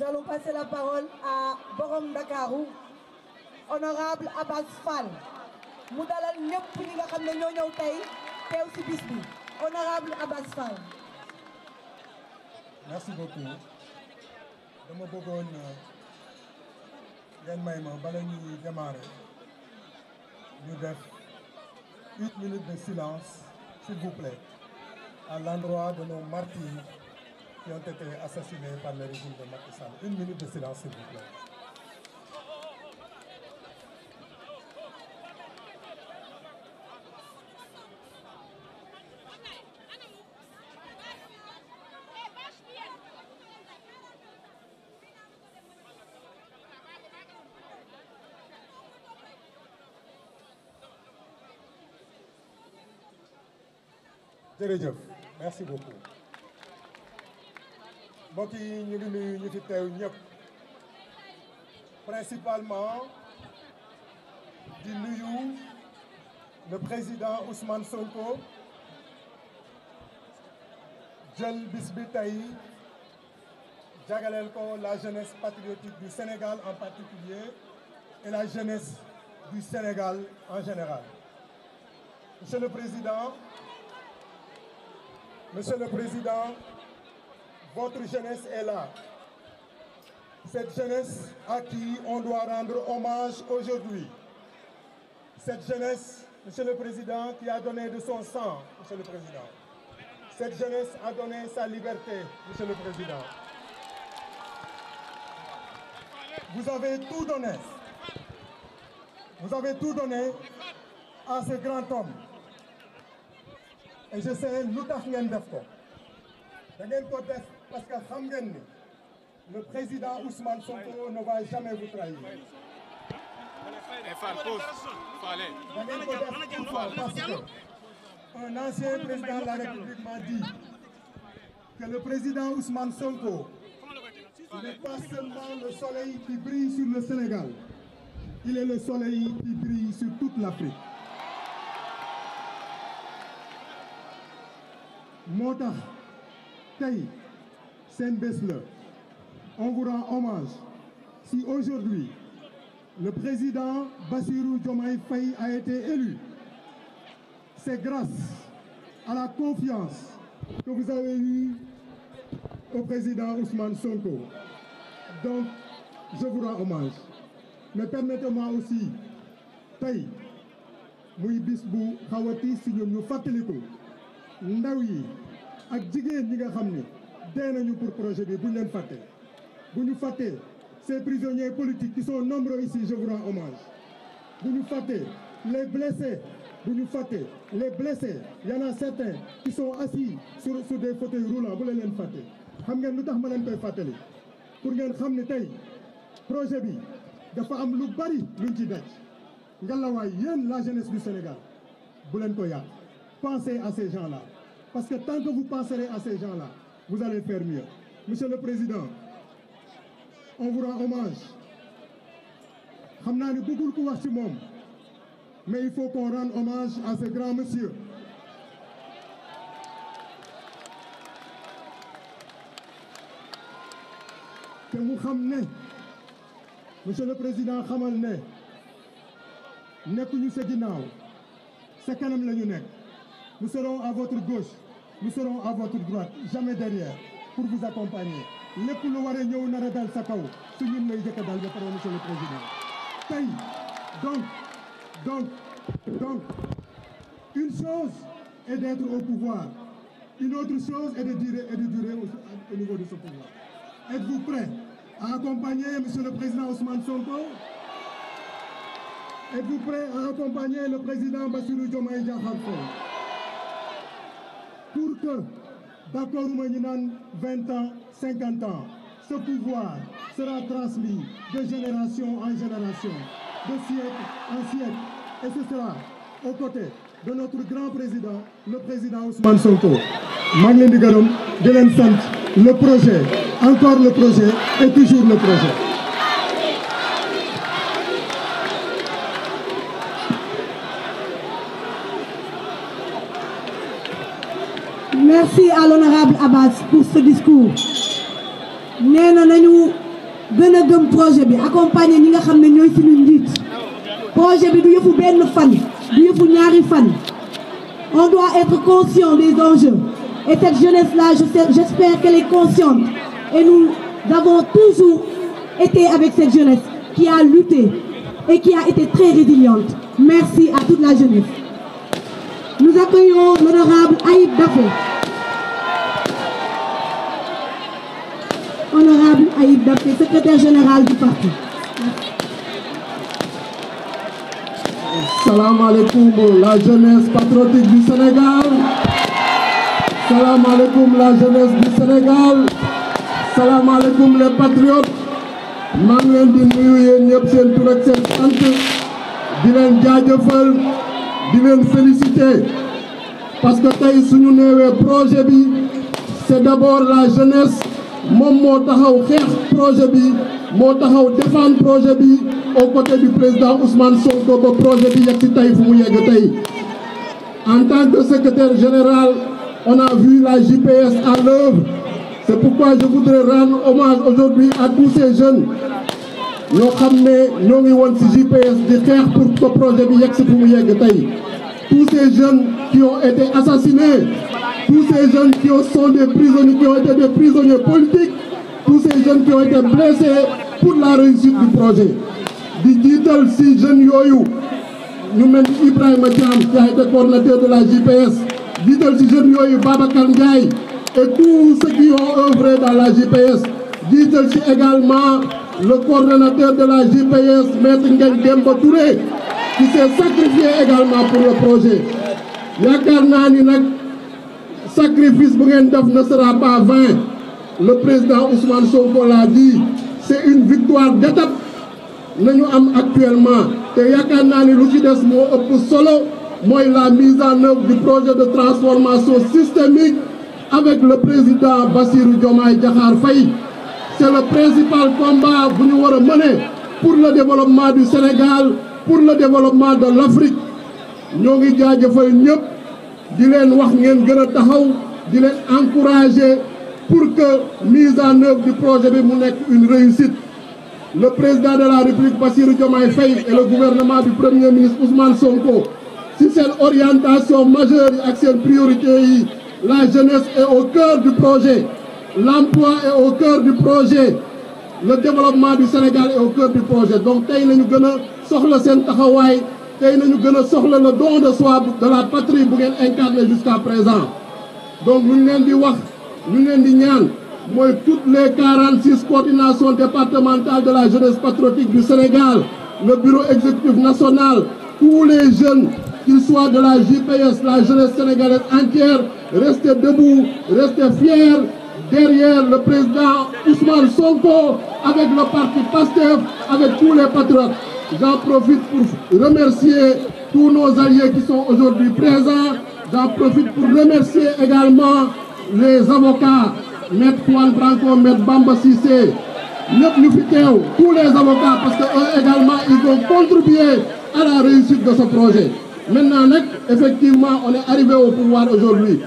nous allons passer la parole à Borom Dakaru honorable Abbas Fall mu dalal ñëpp ñi nga ne ñoo ñëw tey teew ci bis bi honorable Abbas Fall merci beaucoup dama bëggoon ngeen may ma bala ñuy démarrer ñu def une minute de silence s'il vous plaît à l'endroit qui ont été assassinés par le régime de Macky Sall. Une minute de silence, s'il vous plaît. jërëjëf merci beaucoup mbokk ñu ngi nuyu principalement di nuyu le président Ousmane Sonko jël bis bi tey ko la jeunesse patriotique du Sénégal en particulier et la jeunesse du Sénégal en général monsieur le président votre jeunesse est là. Cette jeunesse à qui on doit rendre hommage aujourd'hui. Cette jeunesse, Monsieur le Président, qui a donné de son sang, Monsieur le Président. Cette jeunesse a donné sa liberté, Monsieur le Président. Vous avez tout donné. Vous avez tout donné à ce grand homme. Et je sais lu tax ngeen def ko da ngeen ko def parce que xam ngeen ni le président Ousmane Sonko ne va jamais vous trahir. da ngeen ko que un ancien président de la République m'a dit que le président Ousmane Sonko n'est pas seulement le soleil qui brille sur le Sénégal il est le soleil qui brille sur toute l'Afrique seen bés la on vous rend hommage si aujourd'hui le président Bassirou Diomaye Faye a été élu c'est grâce à la confiance que vous avez eue au président Ousmane Sonko donc je vous rends hommage aussi tay muy bis bu xawati si ñun ñu fàttaliku ndaw yi ak jigéen ñi nga xam ne dee nañu pour projet bi bu ñu leen fàtte bu ñu fàttee ces prisonniers politiques qui sont nombreux ici je vous rends hommage bu ñu fàttee les blessés bu ñu fàttee les blessés y en a certains qui sur sur des fauteuils roulants bu leen leen fàtte xam ngeen lu tax ma leen koy fàttali pour ngeen xam ne tey projet bi dafa am lu bari luñ ci daj ngalawaay yéen la jeunesse du Sénégal bu leen ko yàq pensez à ces gens-là parce que tant que vous penserez à ces vous allez faire mieux. Monsieur le Président, on vous rend xam naa ni bëggul ku wax ci moom mais il faut qu'on rende hommage à ce grand monsieur. te mu xam ne monsieur le président xamal ne nekkuñu sa ginnaaw sa kanam la ñu nekk nous serons à votre gauche. nous serons à votre droite jamais derrière pour vous accompagner lépp lu waree ñëw nar a sa kaw su ñun lay jëkk a dal ba pare monsieur le président tey donc donc donc une chose est d'être au pouvoir une autre chose est de durer et de durer au, au niveau de ce pouvoir êtes-vous a à accompagner monsieur le président Ousmane Sonko êtes-vous prêt à accompagner le président Bassirou Diomaye Diakhar Faye que d'accord ma ñu naan vingt ans cinquante ans ce pouvoir sera transmis de génération en génération de siècle en siècle et ce sera aux côtés de notre grand président le président Ousmane Sonko maa ngi leen di gërëm di leen sant le projet encore le projet et toujours le projet merci à l'honorable Abbas pour ce discours nee na nañu gën a projet bi accompagner ñi nga xam ne ñooy suñu njiit projet bi du yëfu benn du yëfu ñaari fan on doit être conscient des enjeux et cette jeunesse là j'espère qu'elle est consciente et nous avons toujours été avec cette jeunesse qui a lutté et qui a été très résiliente merci à toute la jeunesse nous accueillons l'honorable Aïb Dafé Dapé, secrétaire général du parti. Salam alaikum la jeunesse patriotique du Sénégal. Salam alaikum la jeunesse du Sénégal. Salam alaikum les patriotes. maa di nuyu yéen ñëpp tur ak sant di leen jaajëfal di leen féliciter parce que tey suñu néewee projet bi c'est d'abord la jeunesse. moom moo taxaw xeex projet bi moo taxaw défendre projet bi au côté du président Ousmane Sonko ba projet bi yegg si tey fu mu yegg tey en tant que secrétaire général on a vu la JPS à l'œuvre c'est pourquoi je voudrais rendre hommage aujourd'hui à tous ces jeunes xam ne ñoo ngi woon si JPS di xeex pour que projet bi yegg si fu mu yegg tey tous ces jeunes qui ont été tous ces jeunes qui sont des prisonniers, qui ont été des prisonniers politiques, tous ces jeunes qui ont été pour la réussite du projet. di jiital si jeunes yooyu ñu mel ni Ibrahima Thiam qui a été de la JPS jiital si jeunes yooyu Babacar Ndiaye et tous ceux qui ont œuvré dans la JPS jiital si également le coordonnateur de la JPS maître Ngagne Demba Touré qui s'est sacrifié également pour le projet yaakaar naa nag. sacrifice bu ngeen def ne sera pas vain le président Ousmane Sonko l'a dit c'est une victoire d'étape nañu am actuellement te yaakaar naa ni lu ci des moo ëpp solo mooy la mise en œuvre du projet de transformation systémique avec le président Bassirou Diomaye Diakhar Faye c'est le principal combat bu ñu war a mener pour le développement du Sénégal pour le développement de l'Afrique ñoo ngi jaaj jaajëfal ñëpp di leen wax ngeen gën a taxaw di leen encourager pour que mise en œuvre du projet bi mu nekk une réussite le président de la République Bassirou Diomaye Faye et le gouvernement du premier ministre Ousmane Sonko si seen orientation majeure yi ak seen priorité yi la jeunesse est au cœur du projet l'emploi est au cœur du projet le développement du Sénégal est au cœur du projet donc tey la ñu gën soxla seen taxawaay tey nañu gën a soxla le don de soi de la patrie bu ngeen incarné jusqu'à présent donc lu ñu leen di wax lu ñu leen di ñaan mooy toutes les 46 coordinations départementales de la jeunesse patriotique du Sénégal le bureau exécutif national tous les jeunes qu'ils de la JPS la jeunesse sénégalaise entière restez debout restez fiers derrière le président Ousmane Sonko avec le parti PASTEF avec tous les patriotes J'en profite pour remercier tous nos alliés qui sont aujourd'hui présents. J'en profite pour remercier également les avocats, Maître Juan Bamba Sissé, ñëpp ñu fi teew tous les avocats parce que eux également ils ont contribué à la réussite de ce projet. Maintenant nag effectivement on est arrivé au pouvoir aujourd'hui